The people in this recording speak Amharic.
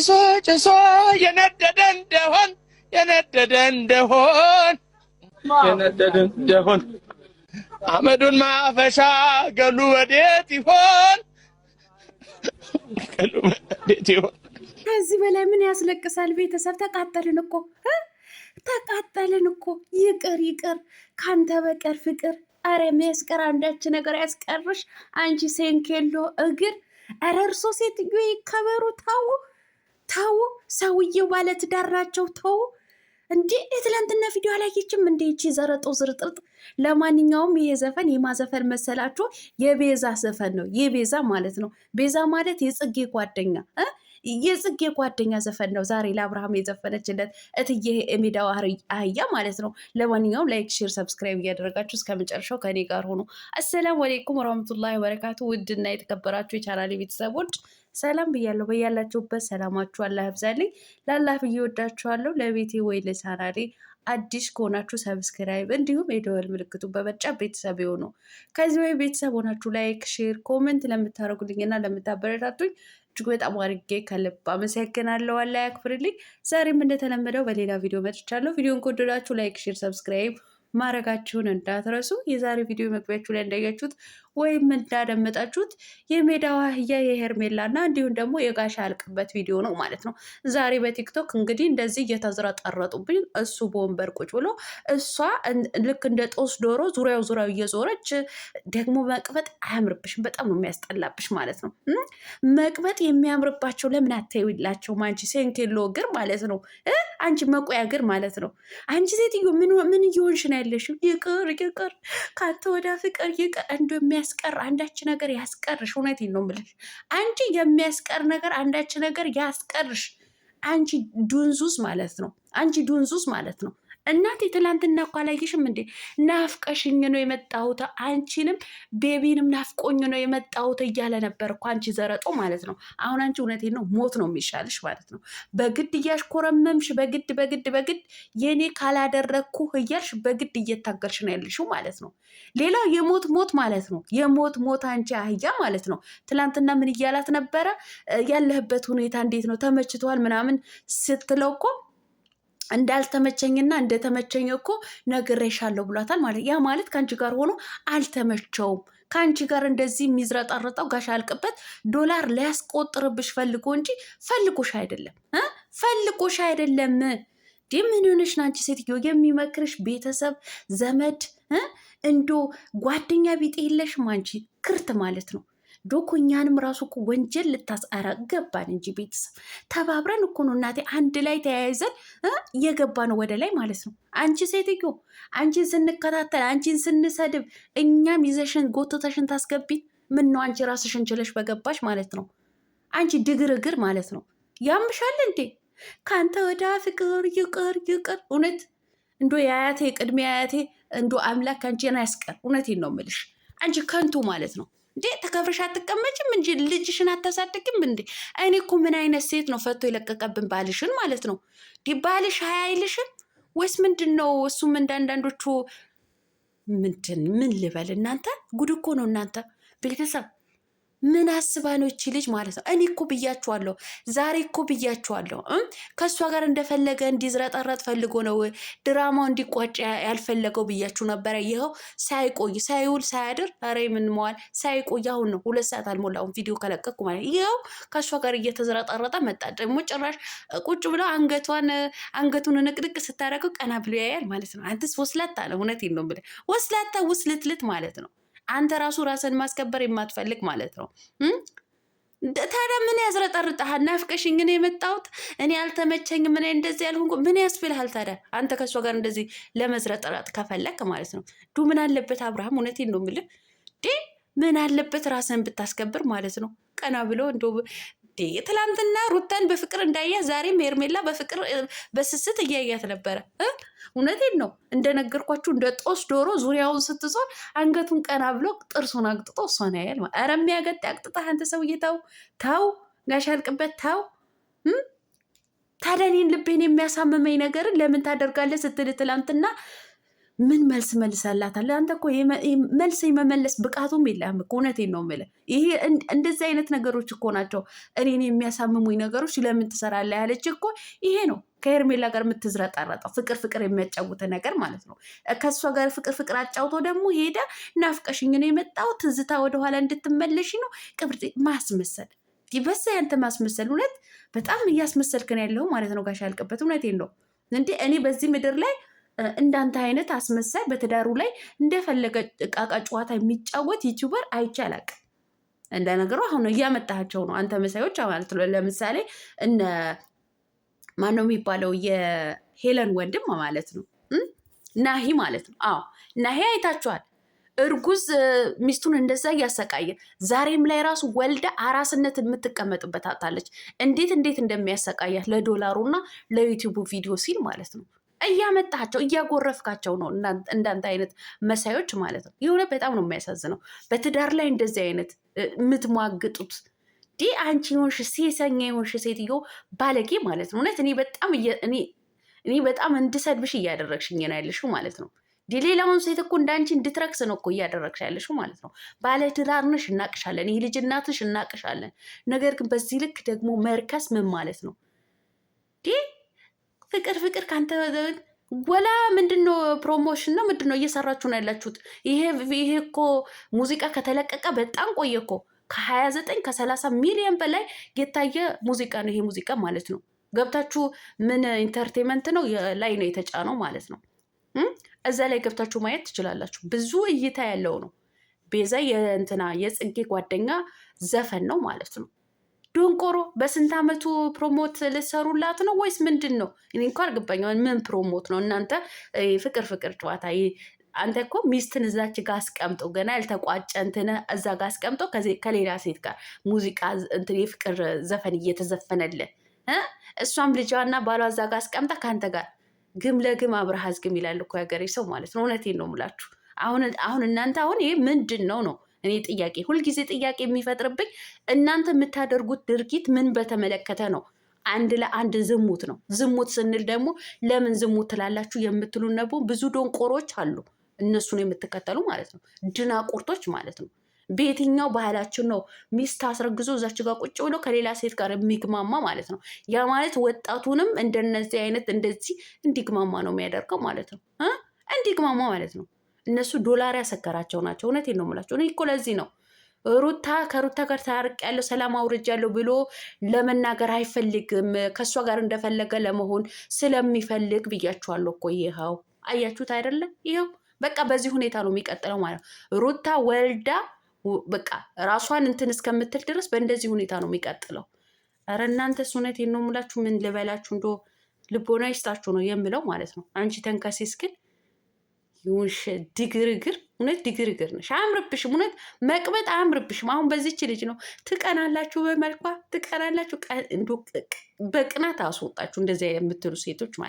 ጭሶ ጭሶ የነደደ እንደሆን የነደደ እንደሆን የነደደ እንደሆን አመዱን ማፈሻ ገሉ ወዴት ይሆን ገሉ ወዴት ይሆን? ከዚህ በላይ ምን ያስለቅሳል? ቤተሰብ ተቃጠልን እኮ ተቃጠልን እኮ። ይቅር ይቅር፣ ካንተ በቀር ፍቅር። አረ የሚያስቀር አንዳች ነገር ያስቀርሽ አንቺ ሴንኬሎ እግር። አረ እርሶ ሴትዮ ይከበሩ ታው ተው፣ ሰውዬው ባለትዳር ናቸው። ተው እንዴ! የትላንትና ቪዲዮ አላየችም እንዴ? ይቺ ዘረጦ ዝርጥርጥ። ለማንኛውም ይሄ ዘፈን የማዘፈን መሰላችሁ? የቤዛ ዘፈን ነው። የቤዛ ማለት ነው። ቤዛ ማለት የጽጌ ጓደኛ የጽጌ ጓደኛ ዘፈን ነው። ዛሬ ለአብርሃም የዘፈነችለት እትዬ የሜዳው አህያ ማለት ነው። ለማንኛውም ላይክ፣ ሼር፣ ሰብስክራይብ እያደረጋችሁ እስከ መጨረሻው ከኔ ጋር ሆኑ። አሰላሙ አሌይኩም ወረህመቱላሂ ወበረካቱ። ውድና የተከበራችሁ የቻናሌ ቤተሰቦች ሰላም ብያለሁ። በያላችሁበት ሰላማችሁ አላህ ያብዛልኝ። ላላህ ብዬ ወዳችኋለሁ። ለቤቴ ወይ ለቻናሌ አዲስ ከሆናችሁ ሰብስክራይብ እንዲሁም የደወል ምልክቱ በመጫ ቤተሰብ የሆኑ ከዚህ ወይ ቤተሰብ ሆናችሁ ላይክ፣ ሼር፣ ኮመንት ለምታደርጉልኝና ለምታበረታቱኝ እጅግ በጣም አድርጌ ከልብ አመሰግናለሁ። አላህ ያክብርልኝ። ዛሬም እንደተለመደው በሌላ ቪዲዮ መጥቻለሁ። ቪዲዮን ከወደዳችሁ ላይክ፣ ሼር፣ ሰብስክራይብ ማድረጋችሁን እንዳትረሱ። የዛሬ ቪዲዮ መግቢያችሁ ላይ እንዳያችሁት ወይም እንዳደመጣችሁት የሜዳዋ አህያ እና እንዲሁም ደግሞ የጋሻ ያልቅበት ቪዲዮ ነው ማለት ነው። ዛሬ በቲክቶክ እንግዲህ እንደዚህ እየተዝረጠረጡብኝ እሱ በወንበር ቁጭ ብሎ እሷ ልክ እንደ ጦስ ዶሮ ዙሪያው ዙሪያው እየዞረች ደግሞ መቅበጥ አያምርብሽም፣ በጣም ነው የሚያስጠላብሽ ማለት ነው። መቅበጥ የሚያምርባቸው ለምን አታዩላቸው? ማንቺ ሴንኬሎ እግር ማለት ነው። አንቺ መቆያ እግር ማለት ነው። አንቺ ሴትዮ ምን እየሆንሽ ነው ያለሽ? ይቅር ይቅር፣ ከአንተ ወደ ፍቅር ይቅር። እንዶ የሚያስቀር አንዳች ነገር ያስቀርሽ። እውነቴን ነው የምልሽ። አንቺ የሚያስቀር ነገር አንዳች ነገር ያስቀርሽ። አንቺ ዱንዙስ ማለት ነው። አንቺ ዱንዙስ ማለት ነው። እናቴ ትላንትና እኮ አላየሽም እንዴ? ናፍቀሽኝ ነው የመጣሁት፣ አንቺንም ቤቢንም ናፍቆኝ ነው የመጣሁት እያለ ነበር እኮ አንቺ ዘረጦ ማለት ነው። አሁን አንቺ እውነቴን ነው ሞት ነው የሚሻልሽ ማለት ነው። በግድ እያሽኮረመምሽ በግድ በግድ በግድ የኔ ካላደረግኩ እያልሽ በግድ እየታገልሽ ነው ያለሽው ማለት ነው። ሌላው የሞት ሞት ማለት ነው። የሞት ሞት አንቺ አህያ ማለት ነው። ትላንትና ምን እያላት ነበረ? ያለህበት ሁኔታ እንዴት ነው? ተመችቷል ምናምን ስትለው እኮ እንዳልተመቸኝና እንደተመቸኝ እኮ ነግሬሻለሁ ብሏታል ማለት ያ ማለት ከአንቺ ጋር ሆኖ አልተመቸውም ከአንቺ ጋር እንደዚህ የሚዝረጠረጠው ጋሽ አልቅበት ዶላር ሊያስቆጥርብሽ ፈልጎ እንጂ ፈልጎሽ አይደለም እ ፈልጎሽ አይደለም ዲምንንሽ ናንቺ ሴትዮ የሚመክርሽ ቤተሰብ ዘመድ እንዶ ጓደኛ ቢጤ የለሽም አንቺ ክርት ማለት ነው ዶኮኛንም ራሱ እኮ ወንጀል ልታስአራ ገባን እንጂ ቤተሰብ ተባብረን እኮ ነው እናቴ፣ አንድ ላይ ተያይዘን እየገባ ነው ወደ ላይ ማለት ነው። አንቺ ሴትዮ፣ አንቺን ስንከታተል፣ አንቺን ስንሰድብ፣ እኛም ይዘሽን ጎትተሽን ታስገቢ ምን ነው አንቺ ራስሽን ችለሽ በገባሽ ማለት ነው። አንቺ ድግር እግር ማለት ነው። ያምሻል እንዴ ከአንተ ወዳ ፍቅር ይቅር ይቅር። እውነት እንዶ የአያቴ ቅድሜ አያቴ እንዶ አምላክ አንቺን ያስቀር። እውነቴን ነው ምልሽ አንቺ ከንቱ ማለት ነው። እንዴ ተከፍርሽ አትቀመጭም እንጂ ልጅሽን አታሳድግም እንዴ? እኔ እኮ ምን አይነት ሴት ነው ፈቶ የለቀቀብን ባልሽን ማለት ነው። እንዲህ ባልሽ ሀያ አይልሽም ወይስ ምንድን ነው? እሱም እንዳንዳንዶቹ ምንድን ምን ልበል እናንተ ጉድ እኮ ነው እናንተ ቤተሰብ ምን አስባ ነው እቺ ልጅ ማለት ነው? እኔ እኮ ብያችኋለሁ፣ ዛሬ እኮ ብያችኋለሁ። ከእሷ ጋር እንደፈለገ እንዲዝረጠረጥ ፈልጎ ነው ድራማው እንዲቋጭ ያልፈለገው ብያችሁ ነበረ። ይኸው ሳይቆይ ሳይውል ሳያድር ረ ምን ሳይቆይ አሁን ነው ሁለት ሰዓት አልሞላሁም ቪዲዮ ከለቀኩ ማለት ይኸው ከእሷ ጋር እየተዝረጠረጠ መጣ። ደግሞ ጭራሽ ቁጭ ብለ አንገቷን አንገቱን ንቅንቅ ስታደርገው ቀና ብሎ ያያል ማለት ነው። አንተስ ወስላታ አለ። እውነቴን ነው የምልህ ወስላታ ውስልትልት ማለት ነው። አንተ ራሱ ራስን ማስከበር የማትፈልግ ማለት ነው። ታዲያ ምን ያዝረጠርጠሃል? ናፍቀሽኝ ግን የመጣሁት እኔ አልተመቸኝ፣ ምን እንደዚህ ያልሆንኩ ምን ያስብልሃል? ታዲያ አንተ ከእሷ ጋር እንደዚህ ለመዝረጠረጥ ከፈለክ ማለት ነው። ዱ ምን አለበት አብርሃም፣ እውነቴን ነው የምልህ ምን አለበት ራስን ብታስከብር ማለት ነው። ቀና ብሎ እንደ እንዴ ትላንትና ሩታን በፍቅር እንዳያት ዛሬም ሄርሜላ በፍቅር በስስት እያያት ነበረ። እውነቴን ነው። እንደነገርኳችሁ እንደ ጦስ ዶሮ ዙሪያውን ስትዞር አንገቱን ቀና ብሎ ጥርሱን አግጥጦ እሷን ያያል። ኧረ የሚያገጥ አቅጥጣህ አንተ ሰውዬ ተው ተው፣ ጋሽ አልቅበት ተው። ታዲያ እኔን ልቤን የሚያሳምመኝ ነገርን ለምን ታደርጋለህ ስትል ትላንትና ምን መልስ መልሰላታል? አንተ እኮ መልስ የመመለስ ብቃቱም የለህም። እውነቴን ነው የምልህ። ይሄ እንደዚህ አይነት ነገሮች እኮ ናቸው እኔን የሚያሳምሙኝ ነገሮች። ለምን ትሰራለህ ያለች እኮ ይሄ ነው። ከሄርሜላ ጋር የምትዝረጠረጠው ፍቅር ፍቅር የሚያጫውተ ነገር ማለት ነው። ከእሷ ጋር ፍቅር ፍቅር አጫውቶ ደግሞ ሄደ ናፍቀሽኝ ነው የመጣው ትዝታ ወደኋላ እንድትመለሽ ነው። ቅብር ማስመሰል በሳ ያንተ ማስመሰል እውነት በጣም እያስመሰልክን ያለው ማለት ነው። ጋሻ ያልቅበት እውነቴን ነው እንዴ እኔ በዚህ ምድር ላይ እንዳንተ አይነት አስመሳይ በትዳሩ ላይ እንደፈለገ እቃቃ ጨዋታ የሚጫወት ዩቲዩበር አይቻላቅ። እንደነገሩ አሁን እያመጣቸው ነው አንተ መሳዮች ማለት ነው። ለምሳሌ እነ ማነው የሚባለው የሄለን ወንድም ማለት ነው ናሂ ማለት ነው። አዎ ናሂ አይታችኋል። እርጉዝ ሚስቱን እንደዛ እያሰቃየ ዛሬም ላይ ራሱ ወልዳ አራስነት የምትቀመጥበት አታለች። እንዴት እንዴት እንደሚያሰቃያት ለዶላሩና ለዩቲዩቡ ቪዲዮ ሲል ማለት ነው። እያመጣቸው እያጎረፍካቸው ነው። እንዳንተ አይነት መሳዮች ማለት ነው። የሆነ በጣም ነው የሚያሳዝነው። በትዳር ላይ እንደዚህ አይነት የምትሟግጡት ዲ አንቺ የሆንሽ ሴሰኛ የሆንሽ ሴትዮ ባለጌ ማለት ነው። እውነት እኔ በጣም እኔ በጣም እንድሰድብሽ እያደረግሽኝ ነው ያለሽው ማለት ነው። ሌላውን ሴት እኮ እንዳንቺ እንድትረክስ ነው እኮ እያደረግሽ ያለሽው ማለት ነው። ባለ ትዳር ነሽ፣ እናቅሻለን። ይህ ልጅ እናትሽ እናቅሻለን። ነገር ግን በዚህ ልክ ደግሞ መርከስ ምን ማለት ነው? ፍቅር ፍቅር ከአንተ ወላ ምንድን ነው ፕሮሞሽን ነው ምንድን ነው እየሰራችሁ ነው ያላችሁት? ይሄ ይሄ እኮ ሙዚቃ ከተለቀቀ በጣም ቆየ እኮ ከሀያ ዘጠኝ ከሰላሳ ሚሊዮን በላይ የታየ ሙዚቃ ነው ይሄ ሙዚቃ ማለት ነው። ገብታችሁ ምን ኢንተርቴንመንት ነው ላይ ነው የተጫነው ማለት ነው። እዛ ላይ ገብታችሁ ማየት ትችላላችሁ። ብዙ እይታ ያለው ነው። ቤዛ የእንትና የጽጌ ጓደኛ ዘፈን ነው ማለት ነው። ዶንቆሮ በስንት ዓመቱ ፕሮሞት ልሰሩላት ነው ወይስ ምንድን ነው? እኔ እንኳ ምን ፕሮሞት ነው እናንተ? ፍቅር ፍቅር ጨዋታ አንተ እኮ ሚስትን እዛች ጋር አስቀምጦ ገና ያልተቋጨ እንትን እዛ ጋር አስቀምጦ ከሌላ ሴት ጋር ሙዚቃ እንትን የፍቅር ዘፈን እየተዘፈነልን እሷም ልጇና ባሏ እዛ ጋር አስቀምጣ ከአንተ ጋር ግም ለግም አብረሃዝ ግም ይላል እኮ ያገሬ ሰው ማለት ነው። እውነቴን ነው የምላችሁ። አሁን እናንተ አሁን ይሄ ምንድን ነው ነው እኔ ጥያቄ ሁልጊዜ ጥያቄ የሚፈጥርብኝ እናንተ የምታደርጉት ድርጊት ምን በተመለከተ ነው? አንድ ለአንድ ዝሙት ነው። ዝሙት ስንል ደግሞ ለምን ዝሙት ትላላችሁ የምትሉ ነቦ ብዙ ዶንቆሮች አሉ። እነሱን የምትከተሉ ማለት ነው፣ ድናቁርቶች ማለት ነው። በየትኛው ባህላችን ነው ሚስት አስረግዞ እዛች ጋር ቁጭ ብሎ ከሌላ ሴት ጋር የሚግማማ ማለት ነው? ያ ማለት ወጣቱንም እንደነዚህ አይነት እንደዚህ እንዲግማማ ነው የሚያደርገው ማለት ነው፣ እንዲግማማ ማለት ነው። እነሱ ዶላር ያሰከራቸው ናቸው። እውነቴን ነው የምላቸው። እኔ እኮ ለዚህ ነው ሩታ ከሩታ ጋር ታርቅ ያለው ሰላም አውርጅ ያለው ብሎ ለመናገር አይፈልግም። ከእሷ ጋር እንደፈለገ ለመሆን ስለሚፈልግ ብያችኋለሁ እኮ ይኸው አያችሁት አይደለም? ይኸው በቃ በዚህ ሁኔታ ነው የሚቀጥለው ማለት ነው። ሩታ ወልዳ በቃ ራሷን እንትን እስከምትል ድረስ በእንደዚህ ሁኔታ ነው የሚቀጥለው። ኧረ እናንተስ እውነቴን ነው የምላችሁ ምን ልበላችሁ፣ እንደ ልቦና ይስጣችሁ ነው የምለው ማለት ነው። አንቺ ተንከሴስ ግን ይሁንሽ ድግርግር እውነት ድግርግር ነሽ። አያምርብሽም፣ እውነት መቅበጥ አያምርብሽም። አሁን በዚች ልጅ ነው ትቀናላችሁ፣ በመልኳ ትቀናላችሁ። በቅናት አስወጣችሁ እንደዚያ የምትሉ ሴቶች ማለት ነው።